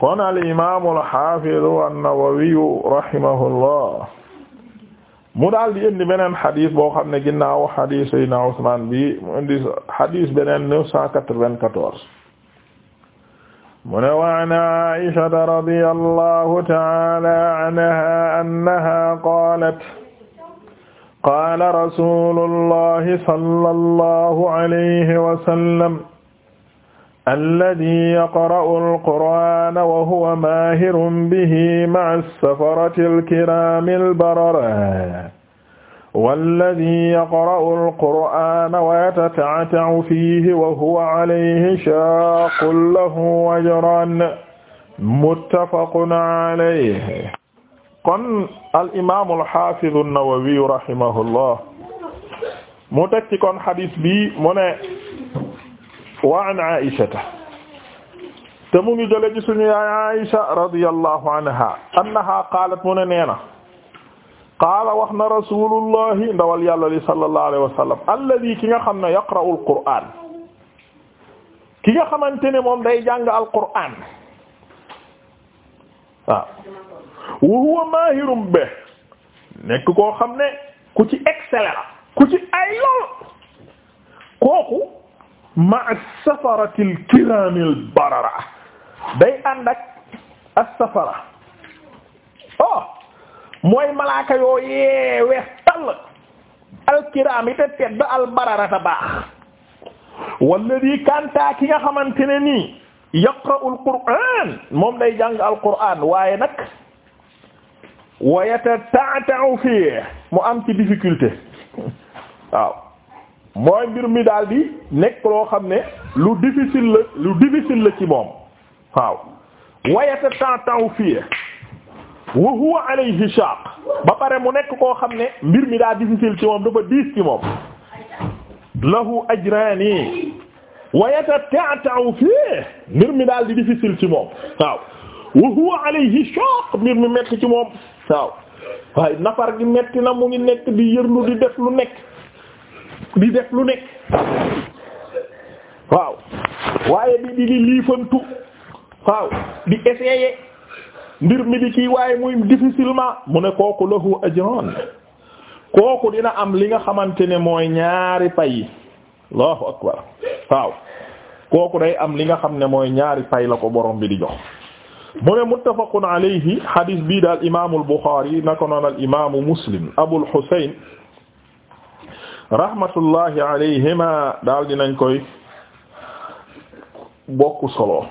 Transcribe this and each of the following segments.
kon al imaamu al xaafidu an-Nawawiyu rahimahullah mu daal di indi beneen xadis boo xam ne ginnaaw xadis Seydina Usmaan bi mu indi xadis beneen neuf cent quatre-vingt-quatorze mu ne wa an Aysata radiyallahu ta'ala anha annaha qaalat qaala rasuulullahi sallallahu alayhi wa sallam alladi yaqra'u alqur'ana wa huwa maahirun bihi ma'a as-safarati al-kiraami al-barara walladi yaqra'u alqur'ana wa yatata'ata'u fiihi wa huwa alayhi shaaqun lahu ajran muttafaqun alayhi kon al imaam al haafiz an-Nawawi rahimahullah mu tekki kon hadis bi mu ne wa an aishata te mu ngi jële ci suñu yaay aisha radiyallahu anha qaalat mu ne nee na qaala wax na rasulullahi ndawal yàlla li sallallahu alayhi wa sallam alladi ki nga xam ne yaqra'u alqur'an ki nga xamante ne moom day jàng al waaw wa huwa be nekk koo xam ne ku ci excellent ku ci ay lool ma'a safaratil kiraamil barara day ànd ak as-safara oh mooy malaaka yooyee weex tàll alkiraam yi te tedd albarara ta baax walladi kantaa ki nga xamante ne nii yaqra'ul qur'aan moom day jàng alqur'aan waaye nag wa yatata'ta'u fiihi mu am ci difficulté waaw mooy mbir mi daal di nekk loo xam ne lu difficile la lu difficile la ci moom waaw wayata temps fii wa huwa alayhi shaq ba pare mu nekk koo xam ne mbir mi daa difficile ci moom dafa diis ci moom lahu ajrani wayata temps fii mbir mi daal di difficile ci moom waaw wa huwa alayhi mbir mi metti ci moom waaw waaye nafar gi metti na mu ngi nekk di yërlu di def lu nekk di def lu nekk waaw waaye di di di liifantu waaw di essayer mbir mi di kii waaye muy difficilement mu ne kooku lahu ajran kooku dina am li nga xamante ne mooy ñaari pay allahu akbar waaw kooku day am li nga xam ne mooy ñaari pay la ko borom bi di jox mu ne muttafaqun alayhi hadis bii daal imaamul Buxaari naka noon al imaamu Muslim Abul Husayn rahmatullahi alayhima daal dinañ koy bokk solo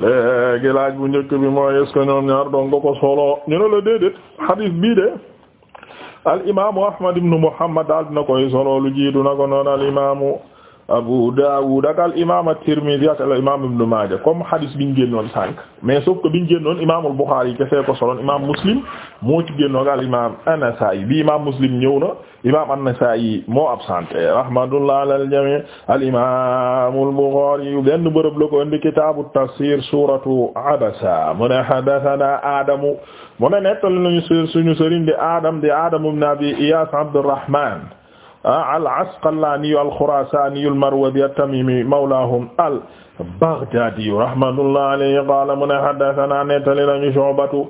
léegi laaj bu njëkk bi mooy est-ce ñaar doon nga solo ñu ne la déedéet hadith bii al imaamu Ahmad ibn Muhammad daal dina koy solo lu jiitu na al imaamu Abu Dawud ak al imaam at-Tirmidhi ak al imaam Ibn Maaja comme hadith bi ñu génnoon sànq mais sauf que bi ñu génnoon imaamul Bukhari yi kese ko soloon imaam Muslim moo ci génnoon ak al imaam an-Nasaa'i bi imaam Muslim ñëw na imaam an-Nasaa'i moo absenté rahmatullah alal jamii al imaamul Bukhari yu benn bërëb la ko indi kitaabu tafsir suuratu Abasa mu ne haddathanaa Adamu mu ne nettali nañu suñu sëriñ di Adam di Adam ibn Abi Iyaas Abdurrahmaan Ah, al-Asqalaaniyu al-Xuraasaaniyu al-Marwaziyu at-Tamiimiyu mawlaahum al-Baghdaadiyu rahmatullahi alayhi qaala mu ne haddasanaa nettali nañu Shu'batu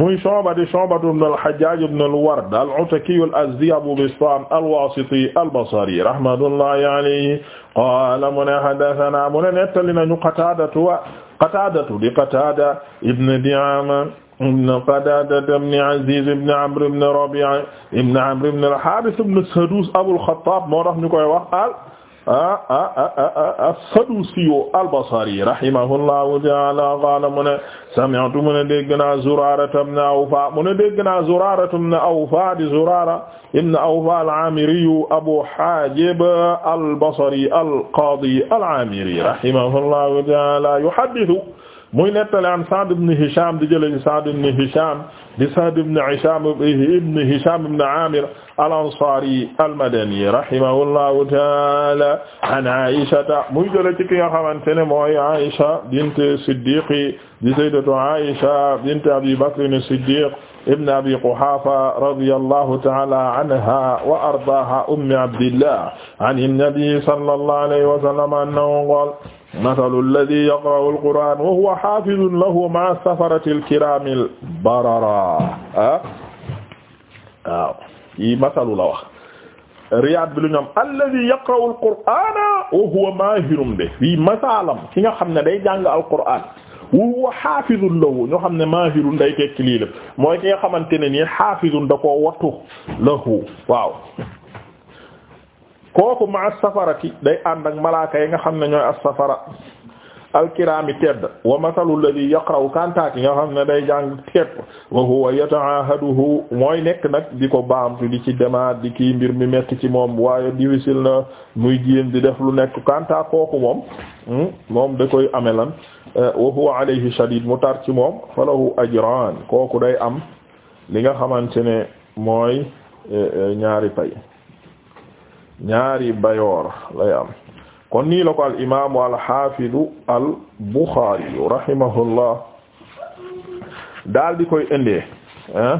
muy Shu'batu Shu'batu ibn al-Hajjaaj ibn al-Ward al-Atakiyu al-Azdiyu Abu Bistaam al-Waasitiyu al-Basriyu rahmatullahi alayhi qaala mu ne haddasanaa mu ne nettali nañu Qataadatu wa Qataadatu di Qataada ibn Di'aama ibn Qataadata ibn Aziz ibn Amr ibn Rabi'a ibn Amr ibn al-Haaris ibn Saduus Abul Xattaab moo tax ñu koy wax al ah ah ah ah Saduusi al-Basri rahimahullahu ta'aala qaala mu ne sami'tu mu ne dégg naa Zuraara ibn Awfaa mu ne dégg naa Zuraara ibn Awfaa di Zuraara ibn Awfaa al-Aamiri Abu Haajib al-Basri al-Qaadi al-Aamiri rahimahullahu ta'aala yuhaddithu muy nettali an Sa'd ibn Hisham di jële ci Sa'd ibn Hisham di Sa'd ibn Hisham ibn Hisham ibn Amir al-Ansari al-Madani rahimahullahu ta'ala an Aisha muy jële ci ki nga xamante ne mooy Aisha bint Siddiq di sayyidatu Aisha bint Abi Bakr as-Siddiq ibn Abi Quhafa radiyallahu ta'ala anha wa ardaaha ummi Abdillah an an-nabi sallallahu alayhi wa sallam annahu qala masalu alladi yaqra'u alquran wa huwa hafizun lahu ma'a safarati alkirami albarara ah waaw yi masalu la wax riyaad bi lu ñu am alladi yaqra'u alqur'ana wa huwa maahirun bi fii masalam ki nga xam ne day jàng alquran wa huwa hafizun lahu ñoo xam ne maahirun day tekki lii lépp mooy ki nga xamante ne nii hafizun da koo wattu lahu waaw kooku ma as-safarati day ànd ak malaaka yi nga xam ne ñooy as-safara alkiraami tedd wa mathalu alladhi yaqra'u kantaaki nga xam ne day jàng tepp wa huwa yata'ahaduhu mooy nekk nag di ko baamtu di ci demaat di kii mbir mi metti ci moom waaye difficile na muy jéem di def lu nekk kanta kooku moom hmm, moom da koy ame lan eh, wa huwa alayhi shadid mu tar ci moom falahu ajran kooku day am li nga xamante ne mooy eh, eh, ñaari pay ñaari bayoor lay am kon nii la ko al imaamu al xaafidu al buxaari rahimahullah daal di koy indee ah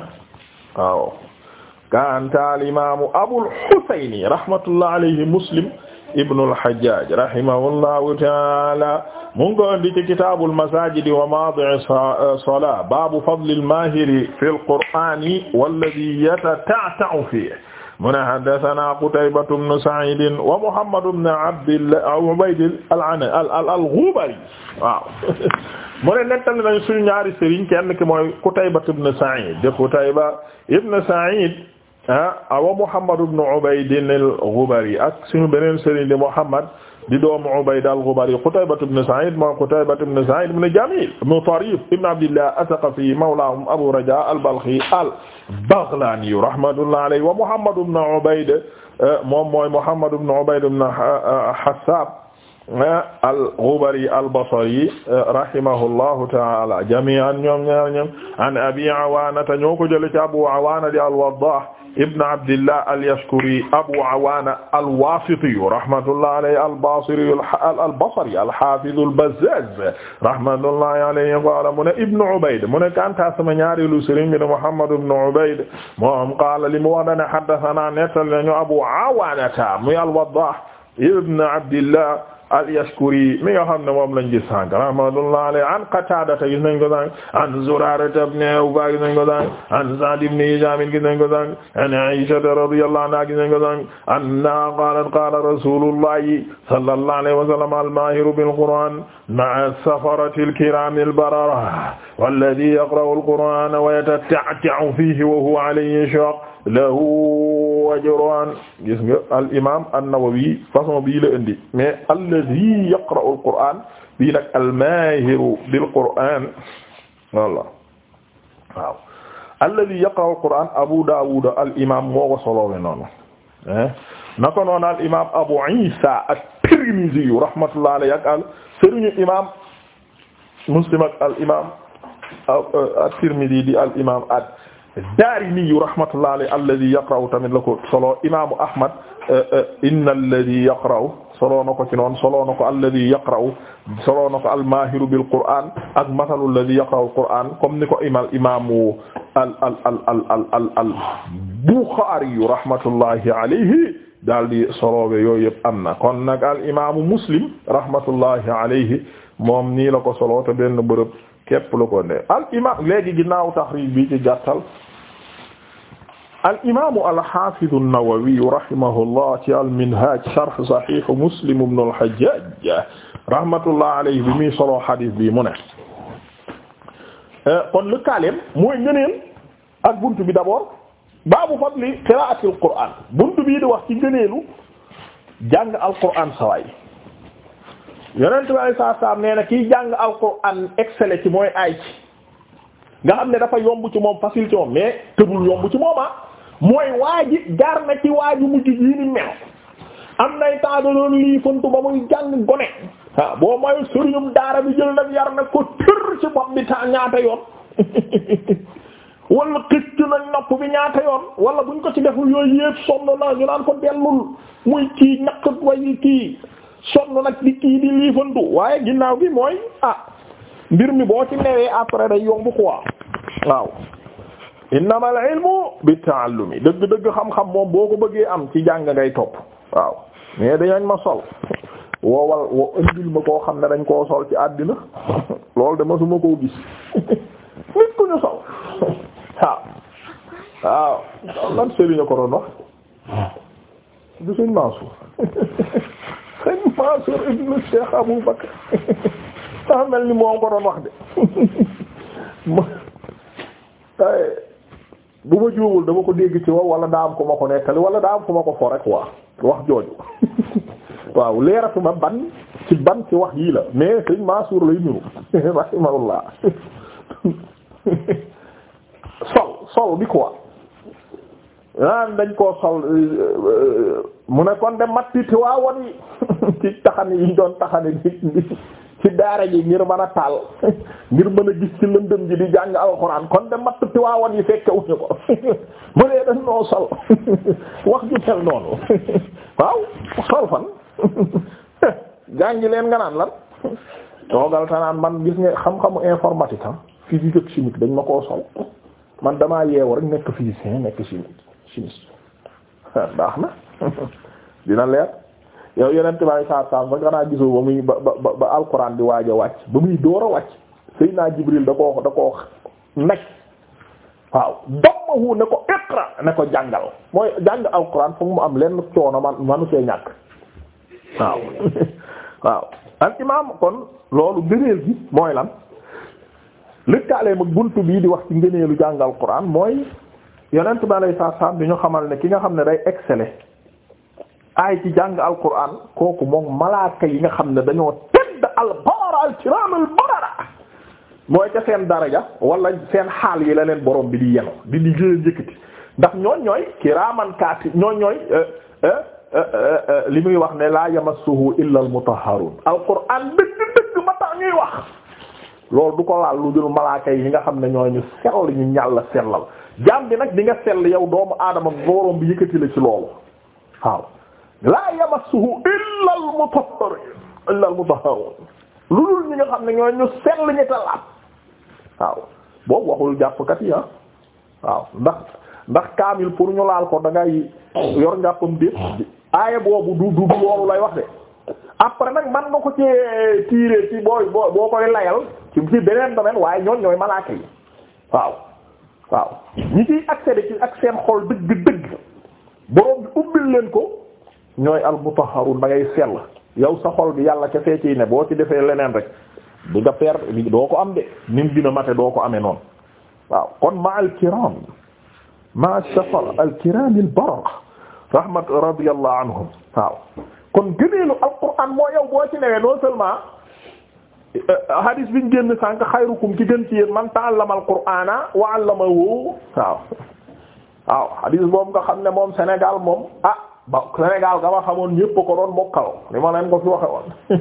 waaw kaanta al imaamu abul xusayni rahmatullah alayhi muslim ibnul hajjaaj rahimahullahu taala mu ngi ko indi ci kitaabul masaajidi wa maadi'i salaa baabu fadlil maahiri fil qur'aani wallazii yatata'ta'u fiihi mu ne haddasanaa Qutaybatu bnu Sa'iid wa Muhammadu bnu Abdillah Ubayd al-Ghubari waaw mu ne nettali nañu suñu ñaari sëriñ kenn ki mooy Qutaybatu bnu Sa'iid de Qutayba ibnu Sa'iid ah wa Muhammadu bnu Ubayd al-Ghubari ak suñu beneen sëriñ di Muhammad di doomu Ubayda al-Ghubari Qutayba ibn Sa'id moo Qutayba ibn Sa'id ibn Jamil ibn Tarif ibn Abdillah Athaqafi mawlahum Abu Raja al-Balkhi al-Baghlani rahmatullahi alayhi wa Muhammad ibn Ubayd eh, moom mooy Muhammad ibn Ubayd ibn eh, Hassab al-Ghubari al-Basri rahimahullahu ta'ala jami'an ñoom ñaar ñoom an Abi Awaana ta ñoo ko jëlee ci Abu Awaana di al-Waddah ibn Abdillah al-Yashkuri Abu Awaana al-Wasiti rahmatullahi alayhi al-Basri al-Basri al-Hafiz al-Bazzaz rahmatullahi alayhi qala mu ne Ibn Ubayd mu ne kanta sama ñaareelu sëriñ bi Muhammad ibn Ubayd moom qala li mu wax dana haddathana nettal nañu Abu Awaana muy al-Waddah ibn Abdillah al-Yashkuri mi nga xam ne moom lañ gis sànq rahmatullahi alayhi an Qatada gis nañ ko sànq an Zurara ibn Awfa gis nañ ko sànq an Sa'd ibn Hisham gis nañ ko sànq an Aisha radiyallahu anha gis nañ ko sànq anna qalat qala rasulullahi sallallahu alayhi wa sallam al-mahiru bil-Qur'an ma'a safarati al-kirami al-barara walladhi yaqra'u al-Qur'ana wa yatata'ta'u fihi wa huwa alayhi shaq lahu wajran gis nga al bii la indi mais alladhi yaqra'u al-Qur'an bii nag al bil-Qur'an walla waaw alladhi yaqra'u al-Qur'an Abu Dawud al-imam moo ko noonu eh? na ko noonu Abu Isa at-Tirmidhi rahmatullahi alayhi al sëriñu imam Muslim ak al imam euh, euh, at al Daarimi rahmatullahi alayhi alladi yaqra'u tamit la ko solo imaamu Ahmad eh, eh, inna alladi yaqra'u solo na ko ci noonu solo na ko alladi yaqra'u solo na ko almaahiru bil qur'aan ak masalu alladi yaqra'u qur'aan comme ni ko imal imaamu al al al al al al Buxaari rahmatullahi alayhi daal di soloobe yooyu yëpp am na kon nag al imaamu Muslim rahmatullahi alayhi moom nii la ko solo te benn bërëb. képp la ko ne al imaam léegi ginnaaw taxriij bi ci gàttal al imaamu ci al minhaaj sharh Muslim ibn al rahmatullah alayhi bi muy solo xadiis bi mu ne. Eh, kon lëkkaaleem mooy ngëneel ak bunt bi d'abord baabu fadli qiraa'atil qur'aan bunt bii di wax ci ngëneelu jàng al qur'aan yonent bi alei saatu salaam na kiy jàng alquran excellé ci mooy ay ci nga xam ne dafa yomb ci moom facile ci moom mais tëbul yomb ci moom ah mooy waa ji jaar na ci waa ji mujj yi ni mel am nay temps lii fontu ba muy jàng gone waaw boo mooy sëriñum daara bi jël nag yar na ko tër ci bopp bi temps ñaata yoon wala xëcc nañ nopp bi ñaata yoon wala buñ ko ci deful yooyu yépp sonn na ñu naan ko dellul muy kii ñaq way kii sonn nag di kii di liifantu waaye ginnaaw gi mooy ah mbir mi boo ci newee après day yomb quoi waaw innamal ilmu bi taallumi dëgg-dëgg xam-xam moom boo ko bëggee am ci jàng ngay topp waaw mais dañañ ma sol woowal wo indil ma koo xam ne dañ koo sol ci àddina loolu de masuma koo gis nit ku ñu sol waaw waaw lan sëriñ ko doon suñ Mansour sœur ibnu Cheikh Abou Bakr tax mel ni moo ko doon wax de bu ma juumul dama ko dégg ci wow wala daa am ko ma ko nettali wala daa am ko ma ko fo rek wax jooju waaw leeratuma ban ci ban ci wax yii la mais sëñ Mansour lay niru rahimahullah sol sol bi quoi naan dañ koo sol mu ne kon de matti Tiwaawan yi ci taxani yi doon taxani ci daara ji ngir man a taal ngir mën a gis ci lëndëm ji di jàng alxuraan kon de matt Tiwaawan yi fekke wuñu ko mu ne dañ noo sol wax ju mel noonu waaw sol fan jàngi leen nga naan lan toogal ta man gis nga xam-xamu informatique ah physique dañ ma koo sol man damaa yeewu rek nekk physicien nekk chimique chimiste baax na dina leer yow yeneen tubaab saar saar ba xanaa gisoo ba muy ba ba ba alxuraan di waaj a wàcc ba muy door a wàcc Seydina Jibril da koo da koo nekk waaw dammahu ne ko iqra ne ko jàngal mooy jàng alxuraan foog mu am lenn coono man manu see ñàkk waaw waaw al imaam kon loolu gëneel gi mooy lan lëkkaaleem ak buntu bii di wax ci ngëneelu jàngal alxuraan mooy yonent bi alayhi salaam di ñu xamal ne ki nga xam ne day exceller aay ci jàng alquran kooku moom malaaka yi nga xam ne dañoo tedd albaara alkiram albarara mooy ca seen daraja wala seen xaal yi la leen borom bi di yeno di di gën a ndax ñooñ ñooy kiraman kaati ñooñ ñooy euh, euh, euh, li muy wax ne la yamassuhu illa almutahharun alquran dëgg dëgg ma tax ñuy wax loolu du ko laal lu dul malaaka yi nga xam ne ñooy ñu sell ñu ñàll sellal jaam bi nag di nga sell yow doomu aadama borom bi yëkkati la ci loolu waaw laa yamassuhu illa al-mutahharun illa al-mutahharun lu dul ñi xam ne ñoo ñu sell ñi talaat waaw boobu waxul jàppkat yi ah waaw ndax ndax kaamil pour ñu laal ko dangay yor njàppam déet aaya boobu du du loolu lay wax de après nag man nga ko ci eh, tiiree ci booy boo koy layal ci ci beneen domaine waaye ñoon ñooy malaaka yi waaw waaw ñi ciy accéder ci ak seen xol dëgg dëgg borom bi ubbil leen ko ñooy almutahharun da ngay sell yow sa xol bi yàlla ca fee ciy ne boo ci defee leneen rek di nga per doo ko am de nim dina mate doo ko amee noonu waaw kon ma al ma safar al kiram al barar rahmat radiyallahu anhum waaw kon gëneelu alquran moo yow boo ci newee non seulement euh, hadis biñ génn sànq xayrukum ci gën ci yéen man ta'allama alqur'ana wa 'allamahu waaw waaw hadis boobu nga xam ne moom Sénégal moom ah, ba Sénégal ga ma xamoon ñépp ko doon mokkal li ma leen ko fi waxe woon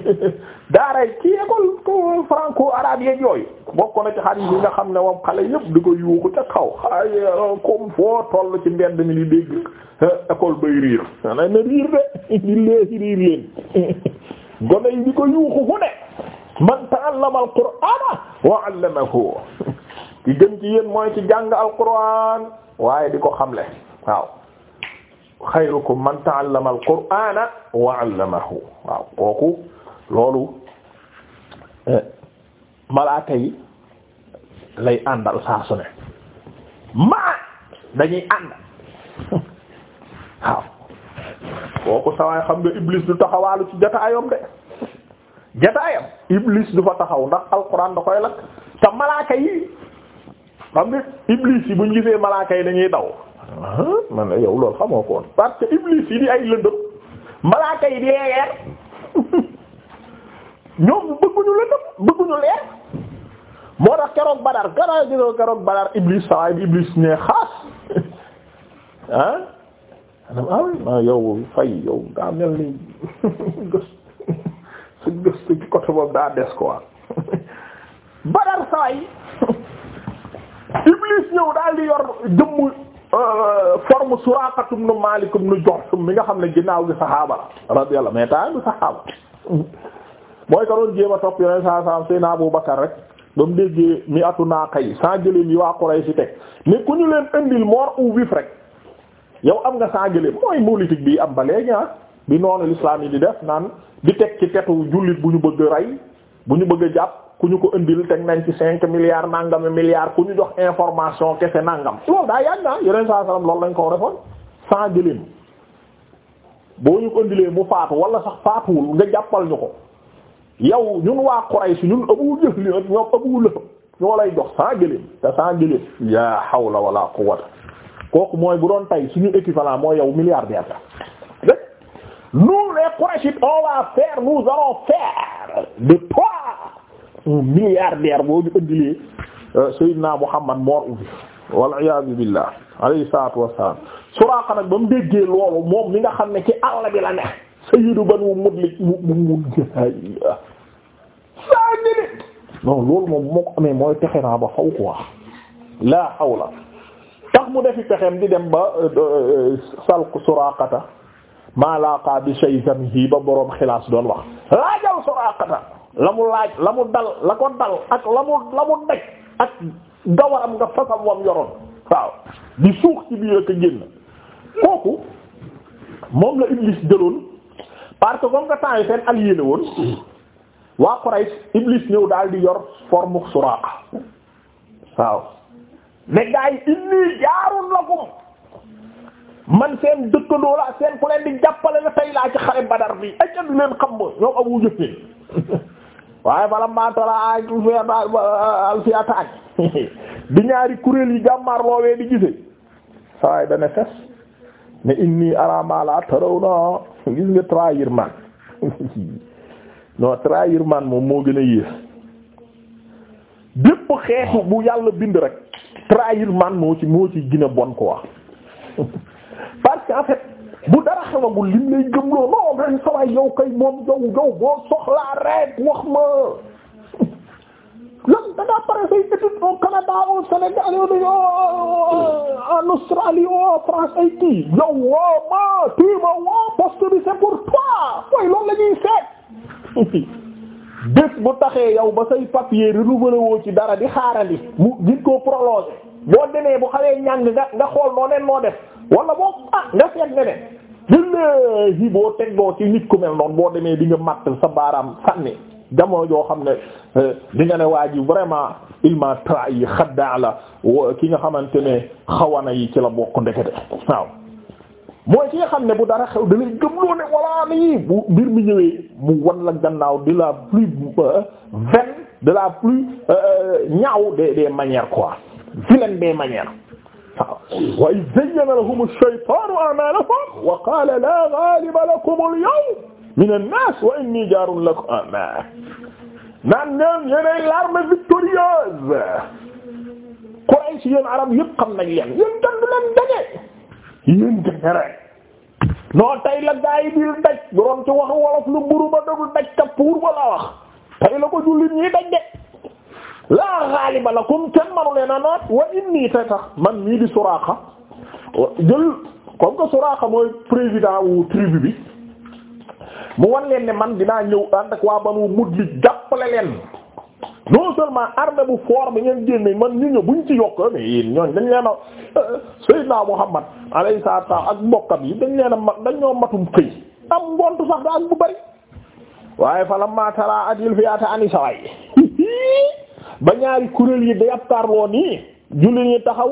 ci école franco-arabe yeeg bokk na ci xarit yi nga xam ne moom xale yépp di ko yuuxu ca kaw ay euh, comme foo toll ci mbedd mi di dégg école bay riir xanaa na riir de gone yi di ko yuuxu fu ne man ta'allama al-qur'ana wa 'allamahu ci gën ci yéen mooy ci jàng al-qur'an waaye di ko xamle waaw xayrukum man ta'allama al-qur'ana wa 'allamahu waaw loolu eh, malaaka yi lay àndal saa su ne maa dañuy ànd waaw kooku sawaay xam nga iblis du taxawaalu ci jotaayam de jotaayam iblis du fa taxaw ndax alquran da koy lakk te malaaka yi xam nga iblis yi buñ gisee malaaka yi dañuy daw man la eh, yow loolu xamoo ko parce que iblis yi di ay lëndëm malaaka yi di leer ñoom bëgguñu lëndëm bëgguñu leer moo tax keroog Badar keroog Badar iblis sawaay bi iblis ne xaas ah anam ah, yow fay yow daa mel ni gës sa gëstu ci côté boobu daa des quoi Badar sawaay iblis ñëw daal di yor jëmm Euh, forme Suraqatu ibn Malik ibn Juhshum mi nga xam ne ginnaaw gi saxaaba la radiyallahu mais taa du saxaaba mooy ka doon jéem a topp yoneen saa saam seen Abu Bakar rek ba mu déggee mi atu naa yi sans gëléem yi waa Quraysh si teg mais ku ñu leen indil mort ou vif rek yow am nga sans gëléem mooy politique bi am ba léegi ah bi noonu l'islam yi di def naan di teg ci tetu jullit bu ñu bëgg rey bu ñu bëgg a jàpp ku ñu ko indil teg nañ ci cinq milliards nangami milliards ku ñu jox information kese nangam loolu daa yàgg naa yeneen saa salaam loolu lañ ko defoon sans gëléem boo ñu ko indilee mu faatu wala sax faatuwul nga jàppal ñu ko yow ñun waa Quraysh ñun Abu Jahl ak ñoom Abu Lahab ñoo lay jox sans gëléem te sans gëléem yaa hawla wala quwwata kooku mooy bu doon tay suñu équivalent mooy yow milliardaire la rek nous les Qurayshites on va faire nous allons faire de toi un milliardaire boo ñu ëndilee euh, Seydina Muhammad mor ubbi waliyasu billah alayhi salatu wassalam Suraaqa nag ba mu déggee nga xam ne ci àll bi la ne saa ñini non loolu moom moo ko amee mooy texe naa ba faw quoi la hawla tax mu defi pexem di dem ba euh, euh, salk Suraaqata maa laaqa bi shayzamihi ba boroom xilaas doon wax laajal Suraaqata la mu laaj la mu dal la ko dal ak la mu la mu daj ak gawaram nga fasam wam yoroon waaw di suux ci biir ak génn kooku moom la Iblis jëloon parce que comme nga temps yi seen allié ñëw daal di yor forme Suraaqa waaw mais gars yi inni jaarun lakum man seen dëkkandoo la seen ku leen di jàppale la tey laa ci xare Badar bi ay du leen xam ma ñoom amu jëfee waaye bala maatala alfiataan bi ñaari kuréel yi jàmmaar loowee di gise sawaay dana fes ne inni ara ma la tarawna nga trahir man non trahir man moom moo gën a yées bépp xeetu bu yàlla bind rek trahir man moo ci moo ci gën a bon quoi parce que en bu dara xewagul lim lay gëmloo non man sawaay yow kay moom yow yow boo soxlaa rek wax ma lan da pare say étude Canada au Sénégal en Australie France ay kii yow woo ma tii ma woo bi c'est pour toi mooy loolu la seet bés bu taxee yow ba say papier renouvelé ci dara di xaarali mu gis koo prolongé boo demee bu xawee ñàng nga nga xool noo nen noo def wala boo ah nga seet neneen billahi boo teggoo ci nit ku mel noonu boo demee di nga matt sa baaraam sànni jamono joo xam ne euh, di ne waa ji vraiment il m'a trahi xaddaa la ki nga xamante ne xawana yi ci la bokk de waaw mooy ki nga xam ne bu dara xew da lay gëmloo ne walla lii bu mbir mi ñëwee mu wan la gannaaw de la plus euh, vaine de la plus euh, ñaaw des des manières quoi vilaine des manières waaw wa zayyana lahumu shaytaanu a'maalahum wa qaala laa ghaaliba lakum al-yawma mina n-naas wa innii jaarun lakum naan ñoom yéenay l'armée victorieuse Quraysh yéen arab yëpp xam nañ leen yéen gandu leen daje yéen gañere non tey la gaa yi biir daj bu doon ci wax wolof lu mburu ba déglu daj ka puur ba la wax tey la ko jullit ñi daj de laa ghaliba lakum kenn manu leen a naat wa inni te tax man mii di Suraaqa jël comme que Suraaqa mooy président wu tribu bi mu wan leen ne man dinaa ñëw ànd ak waa Banu Mudlij jàppale leen non seulement armée bu fort bi ngeen génne man ñu ñëw buñ ci yokk mais yéen ñooñ dañ leen a euh, Seydina Muhammad alayhi salaatu salaam ak mbokkam yi dañ leen a mat dañoo matum xëy am ngontu sax da ak bu bari waaye fa la matala adil fiyaata ani saway ba ñaari kuréel yi day ab karloo nii julli ñi taxaw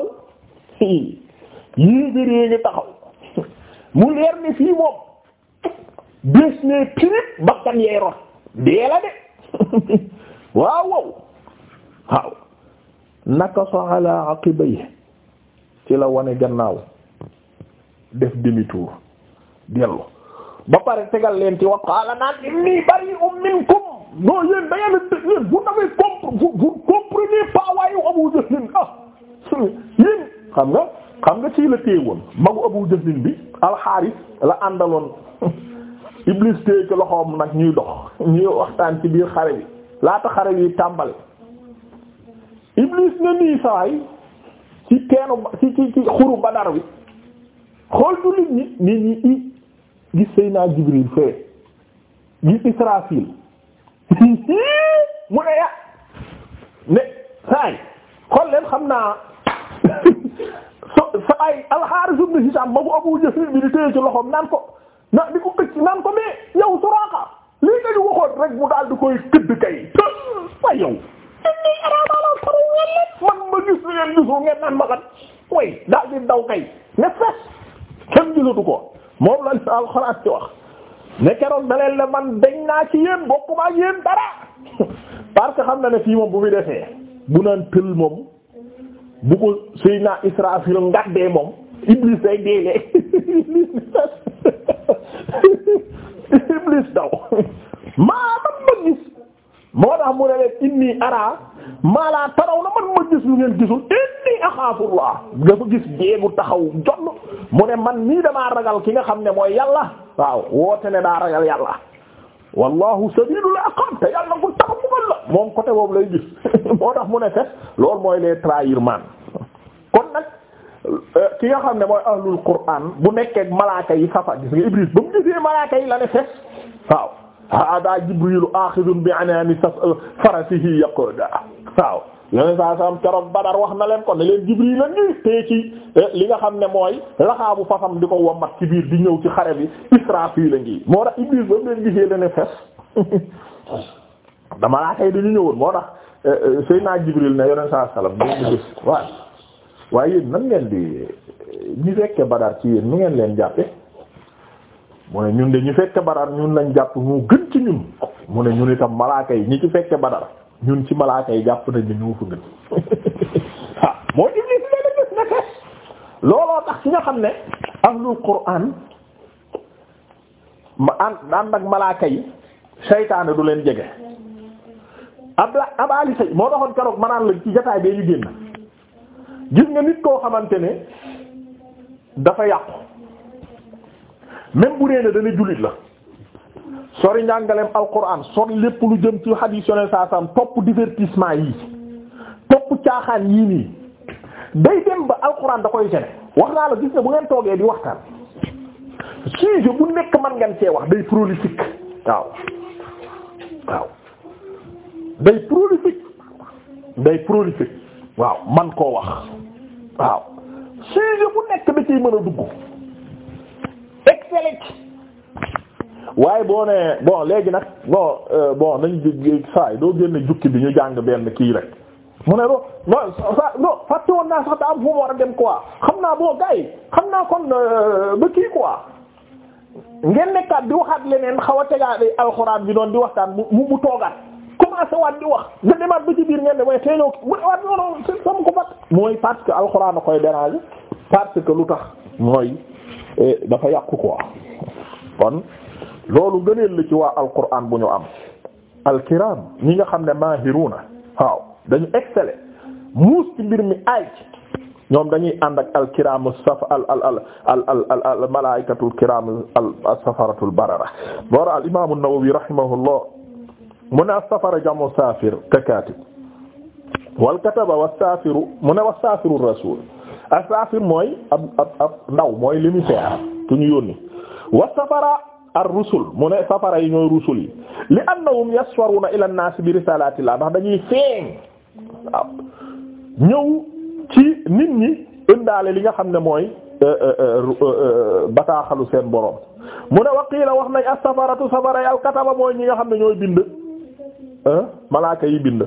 yii biir yi taxaw mu leer ni fii moom bés ne pirip bakkan yee rot dee la de waaw waaw waaw nakasa ala aqibayhi ci la wane gannaaw def demi tour dellu ba pare tegal leen ci waqaala naan inni bari'un minkum non yéen da ngeen di yéen vous n'avez compre vous comprenez ah yéen xam nga xam nga ci la téewoon magu bi alxaaris la àndaloon Iblis téye ci loxoom nag ñuy dox ñuy waxtaan ci biir xare bi laata xare bi tàmbale Iblis na nii saay ci teenu ci ci ci xuru Badar bi xool du nit nit ñi i gis Seydina Jibril fee gis Israfil mu ne ah. ne saay xool leen xam naa so sa ay Al-Haaris bi di téye ci loxoom naan ko na di ko këcc naan ko mais yow Suraaqa lii nga ñu waxoon rek mu daal di koy këdd kay waaye yow inni araabala taru man ma gis ni ngeen ngeen naan ma kat way daal di daw kay ne fees kenn gisatu ko moom la alxuraan ci wax ne keroog da leen man dañ naa ci yéen bokkuma ak yéen dara parce xam na ne fii moom bu muy defee bu naan tël moom bu ko Seydina Israfil ngaddee moom Iblis day deelee Iblis daw maa man ma gis moo tax mu ne leen inni ara maa laa taraw na man ma gis lu ngeen gisul inni axaafullah dafa gis jéegu taxaw jot mu ne man nii damaa ragal ki nga xam ne mooy yàlla. waaw woote ne daa ragal yàlla wallahu sabilul aqam te yàlla ku tax bugal la moom côté boobu lay gis moo tax mu ne fet loolu mooy les trahir man kon nag euh, ki nga xam ne mooy ahlul qur'an bu nekkee malaaka yi safa gis nga Iblis ba mu gisee malaaka yi la ne fet waaw hada jibrilu axidun bi anaani farasihi yaquda waaw yoneen saa saam keroog Badar wax na leen ko ne leen Jibril la ñuy tee ci eh, li nga xam ne mooy laxaabu fasam di ko wammat ci biir di ñëw ci xare bi Israfil la ngi moo tax Iblis ba mu leen gisee la ne fes dama laa dañu ñëwoon moo tax eh, eh, Seydina Jibril ne yoneen saa salam ñoom ñu gis waaw waaye na nan ngeen di ñu fekke Badar ci yéen nu ngeen leen jàppe mu ne ñun de ñu fekke Badar ñun lañ jàpp mu gën ci ñun mu ne ñun itam malaaka yi ñi ci fekke ñun ci malaaka yi jàpp nañ ne ñoo fa gën ah, moo Iblis mel na gis na looloo tax ci nga xam ne ahlul Qur'an ma ànd ànd ak malaaka yi seytaane du leen jege ab la ab ali say moo taxoon keroog manaan la ci jataay bee ñu génn gis nga nit koo xamante ne dafa yàqu même bu dee ne dana jullit la sori njàngaleem alquran sori lépp lu jëm ci hadith yoneen saa saam topp divertissement yi topp caaxaan yii nii day dem ba alquran da koy gene wax naa la gis ne bu ngeen toogee di waxtaan sujet bu nekk man ngeen cee wax day prolifique waaw waaw day prolifique day prolifique waaw man koo wax waaw sujet bu nekk da ciy mën a dugg excellent waaye boo ne bon léegi nag bon euh, bon nañ saay doo génne jukki bi ñu jàng benn kii rek mu ne non non sa non fàtte woon naa am fu war a dem quoi xam naa boo gars xam naa kon euh, ba kii quoi ngeen nekkaat di waxaat leneen xaw a tegaat alxuraan bi doon di waxtaan mu mu toogaat commencé waat di wax nga demaat ba ci biir ngeen ne waaye tey ñoo bu waat noonu sama ko fat mooy parce que alxuraan a koy déranger parce que lu tax mooy eh, dafa yàqu ko kon. loolu gëneel la ci waa alquran bu ñu am alkiram ñi nga xam ne mahiruna waaw dañu exceller muus ci mi ay ñoom dañuy ànd ak alkiram safa al al al al al al al malaikatul kiram al safaratul barara boora al imam an-Nawawi rahimahullah mu ne as safir ka katib wal kataba was-safiru mu ne was mooy ab ab ab ndaw mooy l'émissaire ku ñu ar rusul mu ne safara yi ñooy rusul yi li annahum yasfaruna ila an-nas bi risalatillah ndax dañuy feeñ ñëw ci nit ñi indaale li nga xam ne mooy euh, euh, euh, bataaxalu seen borom mu ne waqiila wax nañ as-safaratu safara yi al mooy ñi nga xam ne ñooy bind malaaka yi bind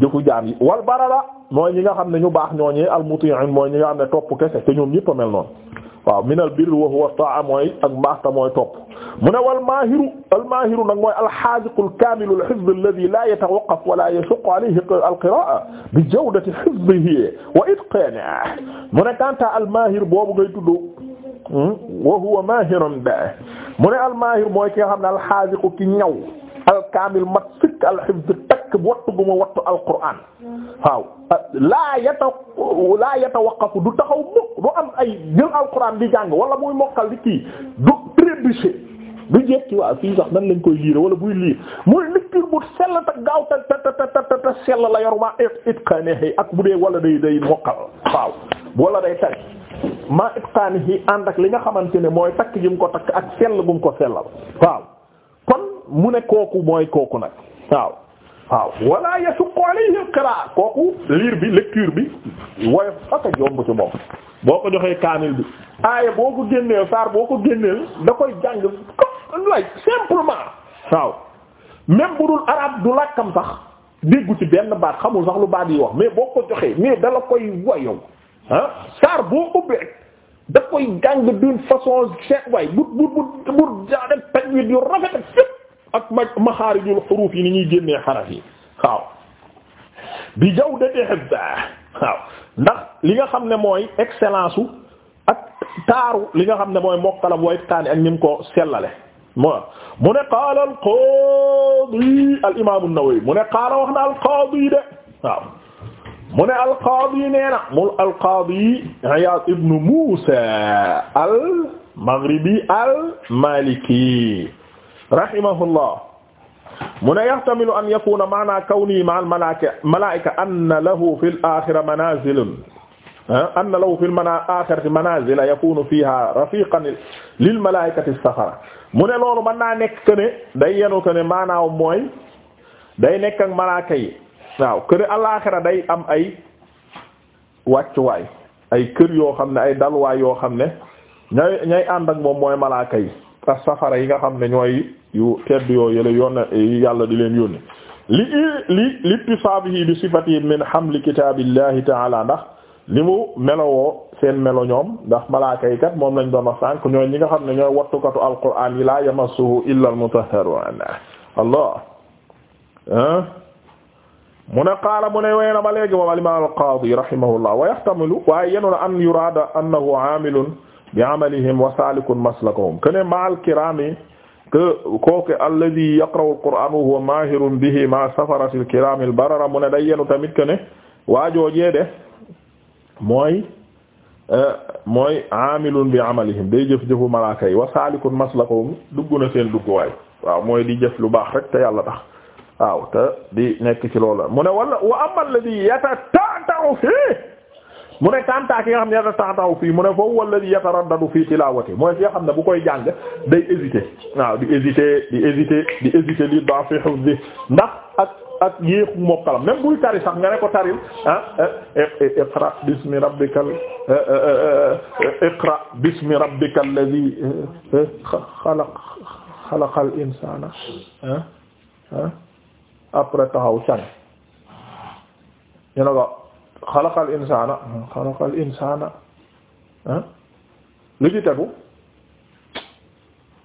jëfu jaam yi wal barara mooy ñi nga xam ne ñu baax ñooñee al-muti'in mooy ñi nga xam ne topp kese te ñoom ñëpp a mel noonu waaw minal birri wa huwa ta'a mooy ak mbaaxta mooy topp mu ne wal maahiru al maahiru nag mooy alxaadiqul kaamilul hifz alladhi la yatawaqqaf wa la yashuqqa alayhi alqira'a bi jawdati hifzihi wa itqanihi mu ne kanta al maahir boobu ngay tudd hmm, wa huwa maahirun bi mu ne al maahir mooy ki nga xam ne alxaadiqu ki ñaw kaamil mat sikk alxifd takk wattu gu ma wattu alquraan waaw laa yata laa yatawaqafu du taxaw mukk du am ay jël alquraan di jàng wala muy mokkal di kii du trébucher du jekki waaw fii sax nan lañ koy liire wala buy liir muy lecture bu sell te gaaw te te te te sell la yor maa itqaanihi ak bu dee wala day day mokkal waaw wala day tari maa itqaanihi ànd ak li nga xamante ne mooy takk gi mu ko takk ak sell gu mu ko sellal waaw kon mu ne kooku mooy kooku nag waaw waaw wala yasuqu alayhi al-qira'a kooku liir bi lecture bi woyof aka jomb ci moom boo ko joxee kaamil bi aaya boo ko génneel saar boo ko génneel da koy jàng comme lay simplement waaw même bu dul arab du làkkam sax déggu ci benn baat xamul sax lu baat yi wax mais boo ko joxee mais dala koy woyow ah saar boo ubbi da koy gàng d'une façon seet waay but but but but jaade tajwid yu rafet ak fépp ak ma maxaarijul yi ni ñuy génnee xaraf yi waaw bi jawdati hibba waaw ndax li nga xam ne mooy excellence ak taaru li nga xam ne mooy mokkalam way taani ak ñim ko sellale moo mu ne qaala al qaadi al imaamu an-Nawawi mu ne qaala wax na al qaadi de waaw mu ne alqaadi nee na mu alqaadi Iyaad ibnu Muusa al-Maghribi al-Maliki rahimahullah mu ne yahtamilu an yakuna maana kawnihi ma'a al-malaa'ika anna lahu fil aaxira manaazilun ah, anna lahu fil aaxirati manaazila yakunu fiihaa rafiiqan lil malaa'ikati as-safara mu ne loolu mën naa nekk que ne day yenu que ne maanaaw mooy day nekk ak malaaka yi waaw kër alaaxira day am ay wàccuwaay ay kër yoo xam ne ay dalwaay yoo xam ne ñay ñay ànd ak moom mooy malaakay yi ak safara yi nga xam ne ñooy yu tedd yoo yële yoon yàlla di leen yónni li li littisaabihi bi sifati min hamli kitaabillahi taala ndax li mu melowoo seen melo ñoom ndax malaaka yi kat moom lañ doon wax sànk ñooy ñi nga xam ne ñooy wattukatu alquraan yi laa yamassuhu illa almutahharun allah mu ne qaala mu ne wey na ba léegi moom al-imaam al-qaadi rahimahullah wa yahtamilu waaye yenu na an yuraada annahu aamilun bi amalihim wa saalikun maslakahum kene ma'al kiraami que kooke alladhi yaqra'u al-qur'aan wa huwa maahirun bihi ma'a safarati al-kiraami al-barara mu ne day yenu tamit kene waajoojee de mooy e, mooy aamilun bi amalihim day jëf jëfu malaaka yi wa saalikun maslakahum dugg na seen dugguwaay waaw mooy di jëf lu baax rek te yàlla tax. waaw te di nekk ci loolu mu ne wala wa amma alladhi yatata'u fii mu ne kanta ki nga xam ne yatata'u fii mu ne foofu wala di yataraddadu fii tilawati mooy fi nga xam ne bu koy jàng day hésiter waaw di hésiter di hésiter di hésiter li daa fi hifzi ndax ak ak yéexu mokkalam même buy tari sax nga ne ko taril ah eh, eh, eh, iqra bismi rabbikal iqra bismi rabbikal ladhi xalaq xalaqal insana ah ah après taxaw càng ñu ne ko xalaqal insaana xalaqal insaana lu ci tegu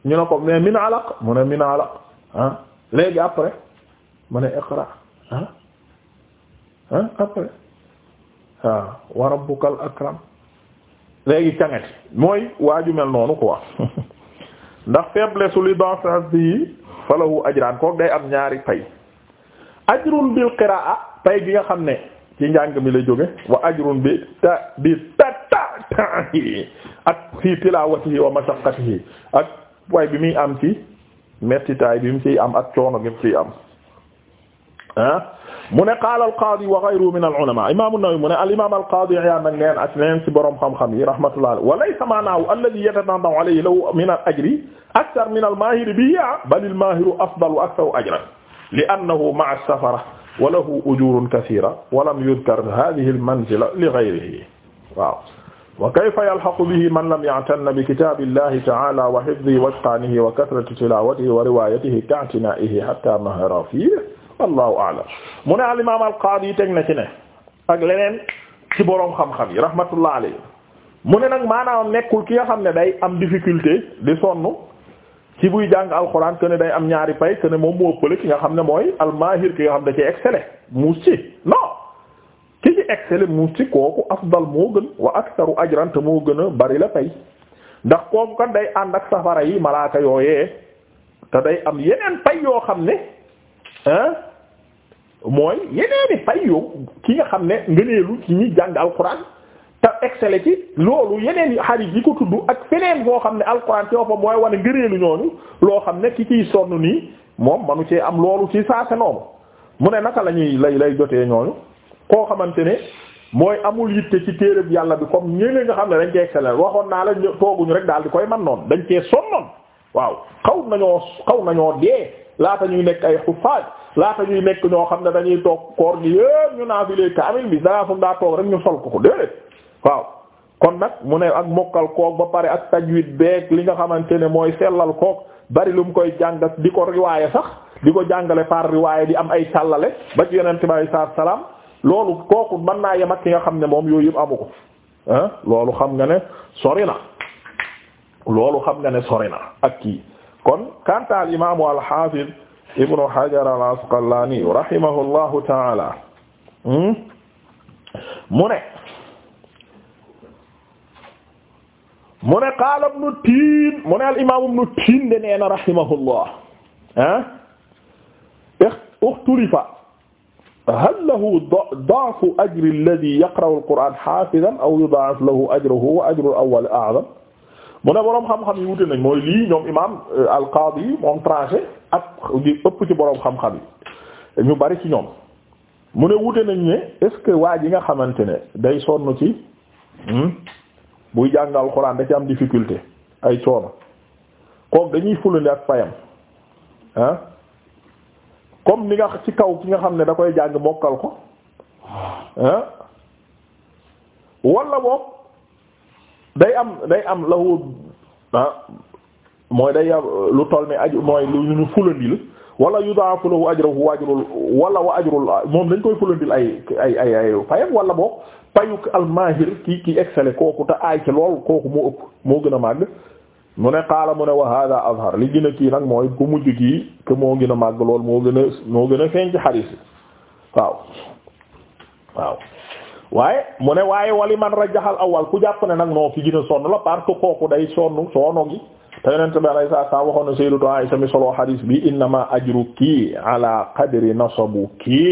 ñu ne ko mais min alaq mu ne min alaq ah léegi après mu ne iqra après ah, waaw akram léegi cangati mooy waaju mel noonu quoi ndax faiblesse li dans bi falahu ajran ko day am ñaari pay ajrun bil qiraa pay gi nga xam ne ci njàng mi la jóge wa ajrun bi ta bi ta ta ta ak fii tilawatihi wa mashaqqatihi ak way bi muy am ci mettitaay bi mu ciy am ak coono bi mu ciy am ah mu ne qaala al qaadi wa ghayruhu min al ulama imam an-Nawawi mu ne al imam al qaadi Iyaad nag neen ak neen ci borom xam-xam yi rahmatullah alayhi wa laysa ma'naahu alladhi yatatandamu alayhi lahu min al ajri akthar min al maahiri bihi bal al maahiru afdalu wa aktharu ajran li annahu ma'a as-safara wa lahu ujurun kathira wa lam yudhkar hadhihi al-manzila li ghayrihi waaw wa kayfa yalhaqu bihi man lam ya'tanna bi kitabillahi ta'ala wa hifdhihi wa itqanihi wa kathrati tilawatihi wa riwayatihi ka'tina'ihi hatta mahara fihi wallahu a'lam mu ne al imam al qadi teg na ci ne ak leneen ci boroom xam-xam yi rahmatullah alayhi mu ne nag maanaam nekkul ki nga xam ne day am difficulté di sonn ci buy jàng alxuraan que day am ñaari pay que ne moom moo ëppale ki nga xam ne mooy almahir ki nga xam da ci excellé muus ci non ki ci excellé muus ci kooku afdal moo gën wa aktaru ajran te moo gën a bari la pay ndax kooku kan day ànd ak safara yi malaaka yooyee te day am yeneen pay yoo xam ne hein mooy yeneeni pay yoo ki nga xam ne ngëneelu ci ñi jàng alxuraan te excellé ci loolu yeneen hadith yi ko tudd ak feneen boo xam ne alxuraan ci woppam mooy wane ngëreelu ñooñu loo xam ne ki ciy sonn nii moom manu cee am loolu ci saase noonu mu ne naka la ñuy lay lay jotee ñooñu koo xamante ne mooy amul yitte ci téeréb yàlla bi comme ñeneen nga xam ne dañ cee excellé waxoon naa la tooguñu rek daal di koy man noonu dañ cee sonnoon waaw xaw nañoo xaw nañoo dee laata ñuy nekk ay xufaaj laata ñuy nekk ñoo xam ne dañuy toog koor gi yépp ñu naafilee kaamil bi dangaa foog daa toog rek ñu sol ko ko déedéet waaw kon nag mu ne ak mokkal kook ba pare ak tajwid beeg li nga xamante ne mooy sellal kook bari lum koy jàngat di ko riwaayé sax di ko jàngale par riwaayé di am ay tallale ba ci yonente bi saa salaam loolu kooku man naa yem ak ki nga xam ne moom yooyu yëpp amu ko loolu xam nga ne sori na loolu xam nga ne sori na ak kii kon kanta al imaamu al haafid ibnu hajar al asqalaani rahimahu llahu taala hmm? mu ne mu ne qaala ibnu tiin mu ne al imaam ibnu tiin de nee na rahimahullah ah uxtulifa hal lahu da'fu ajri alladhi yaqra'u al-qur'aan haafizan aw yud'af lahu ajruhu wa ajru al-awwal a'zam mu ne boroom xam-xam yi wute nañ mooy lii ñoom imaam euh, al-qaadi yi moom tranché ak ëpp ci boroom xam-xam yi ñu bari ci ñoom mu ne wute nañ ni est-ce que waa yi nga xamante ne day sonn ci. Hmm, buy jàng alxuraan da ci am difficulté ay coono kook dañuy fulandi ak fayam comme ah. ni nga ci kaw ki nga xam ne da koy jàng mokkal ko ah wala day am day am lahu ah mooy day lu toll ni aju mooy lu ñu fulandil wala yudaafu lahu ajruhu wa ajrul wala wa ajrul moom dañ koy fulandil ay ay ay ay fayam wala boog payuk almahir ki ki kooku te aay ci lool kooku moo moo gën a màgg mu ne xaala mu ne wa hada li gën a kii nag mooy ku mujj kii que moo gën a màgg lool moo gën a moo gën a feeñ xadis bi waaw waaye mu ne waaye wali man rajaxal awal ku jàpp ne nag noo ki gën a sonn la parce kooku day sonn soono gi te yonent bi alayhi salaam waxoon na sayyidatu Aisha mi solo xadis bi innama ajruki ala qadri nasabuki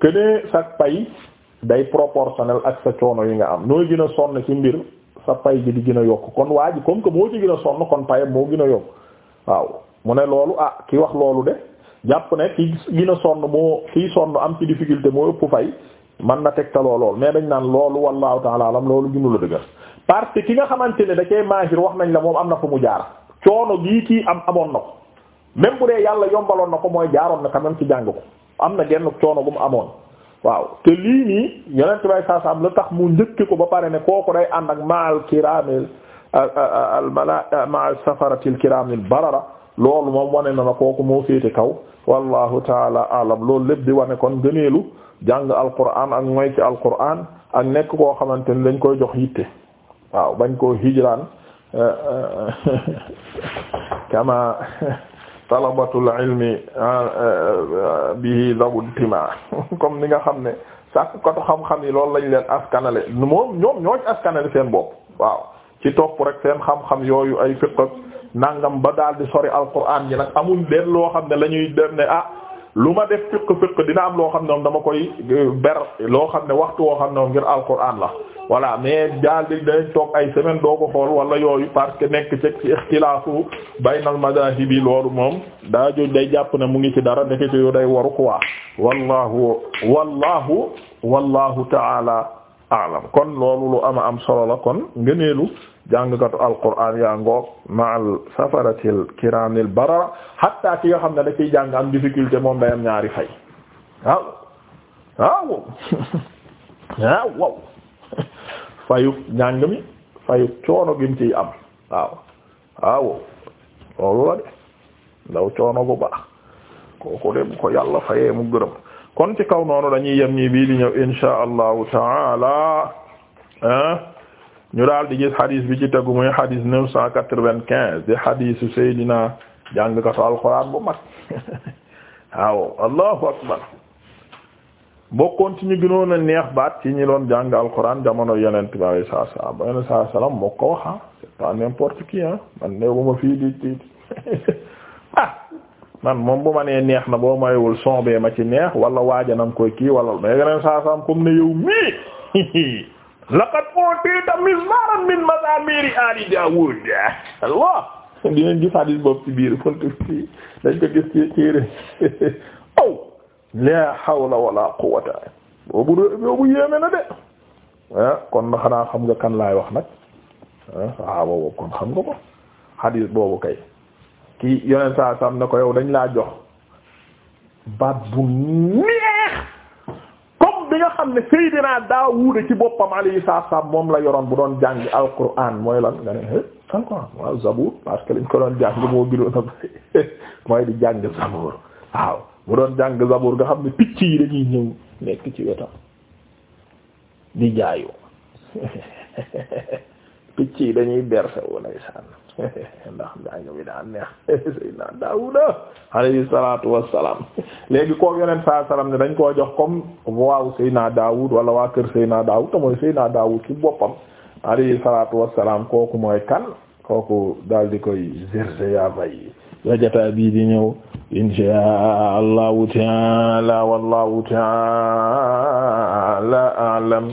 kene sak pay day proportionnel ak sa coono yi nga am nooy gën a sonn ci mbir sa pay gi di gën a yokk kon waa ji comme que moo ci gën a sonn kon payam moo gën a yokk waaw mu ne loolu ah ki wax loolu de jàpp ne ki gën a sonn moo kiy sonn am ci difficulté moo ëpp fay man na tegtaloo lool mais dañ naan loolu wallahu taala alam loolu gënula dëgër parce que ki nga xamante ne da cay maagir wax nañ la moom am na fu mu jaar coono gii ci am amoon na ko même bu dee yàlla yombaloon na ko mooy jaaroon na quand même ci jàng ko am na genn coono gu mu amoon waaw te lii nii yonent bay saa saam la tax mu njëkke ko ba pare ne kooku day ànd ak maal kiraamil al mala euh, maal safaratil kiraamil barara loolu moom wane na na kooku moo féete kaw wallahu taala alam loolu lépp di wane kon gëneelu jàng alquran ak moy ci ak nekk koo xamante ni dañ koy jox yitte waaw bañ koo hijraan euh, euh, kama talabatul ilmi ah, ah, bihi dhabu intima comme ni nga xam ne sàkkukatu xam-xam yi loolu lañ leen askanale moom ñoom ñooñ askanale seen bopp waaw ci topp rek seen xam-xam yooyu ay fiqh nangam ba daal di sori alquran yi nag amul benn loo xam ne lañuy ñuy ne ah lu ma def fiq fiq dina am loo xam ne moom dama koy euh, ber loo xam ne waxtu woo xam ne moom ngir alquran la voilà mais daal di dañ toog ay semaine doo ko xool wala yooyu parce que nekk ci ci ixtilaafu baynal madahib yi loolu moom daa joj day jàpp ne mu ngi ci dara ndekete yoo day waru ko quoi wallahu wallahu wallahu taala alam kon loolu lu ama am solo la kon ngëneelu jàngkatu alquraan yaa ngoog ma'al safaratil kiraamil barara hatta ki nga xam ne da ciy jàng am difficulté moom day am ñaari fay waaw waaw waaw waaw fayu njàng mi fayu coono gi mu ciy am waaw waaw loolu la de ndaw coono bu baax kooku de bu ko yàlla fayee mu gërëm kon ci kaw noonu dañuy yem ñi bii ñëw insha allahu taala ñu daal di gis xadis bi ci tegu muy xadis neuf cent quatre-vingt-quinze di xadisu Seydina jàngkatu alxuraan bu mag waaw allahu akbar bokkoon ci ñu gënoon a neex baat ci ñu doon jàng alxuraan jamono yeneen bi alei saat u yeneen saat salam moo ko wax ah c'est pas n'importe qui ah man néew ma fii di di ah man moom bu ma nee neex na boo mayewul sonbee ma ci neex wala waajanam koy kii wala mais yeneen saa salam comme ne yow mii laqad utiita mizmaran min mazamiri ali Daawud Allah dinañ gis hadis boobu ci biir dañ ko gis ci téere aw la hawla wala quwwata boobu boobu yéeme na de ah, kon na xanaa xam nga kan laay wax nag ah waaw ah, kon xam nga ko hadis boobu kay ki yoneen saa sam ne ko yow dañ laa jox baat bu neex li nga xam ne Seydina Daawuda ci boppam alayhi salaam moom la yoroon bu doon jàng alquran mooy la nga ne alquran eh, waaw Zabuur parce que liñ ko doon jàng moo gënoon a mooy di jàng Zabuur waaw bu doon jàng Zabuur nga xam ne picc yi dañuy ñëw nekk ci wetam di jaayoo picc yi dañuy berse wu lay sànn ndax njàng mi daan neex Seydina Daawuda alayhi salaatu wassalaam léegi kooku yeneen saa salaam ne dañ koo jox comme waaw Seydina Daawud wala waa kër Seydina Daawud te mooy Seydina Daawud ci boppam alayhi salaatu wassalaam kooku mooy kan kooku daal di koy zirze yaa bayi wajata bii di ñëw inshaa Allahu ta'ala wallahu ta'ala a'lam